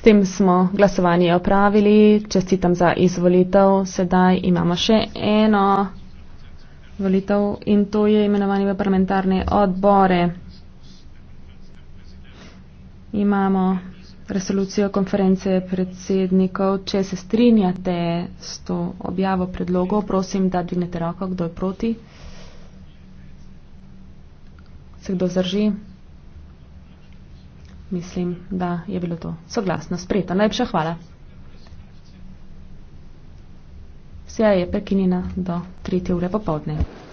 S tem smo glasovanje opravili, čestitam za izvolitev. Sedaj imamo še eno volitev in to je imenovanje v parlamentarne odbore. Imamo resolucijo konference predsednikov. Če se strinjate s to objavo predlogov, prosim, da dvignete roko, kdo je proti. Se kdo zdrži? mislim, da je bilo to soglasno sprejeto. Najlepša hvala. Seja je prekinjena do 3. ure popovdne.